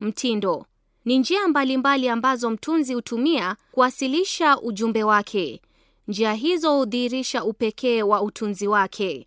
Mtindo ni njia mbalimbali ambazo mtunzi hutumia kuwasilisha ujumbe wake. Njia hizo hudhihirisha upekee wa utunzi wake.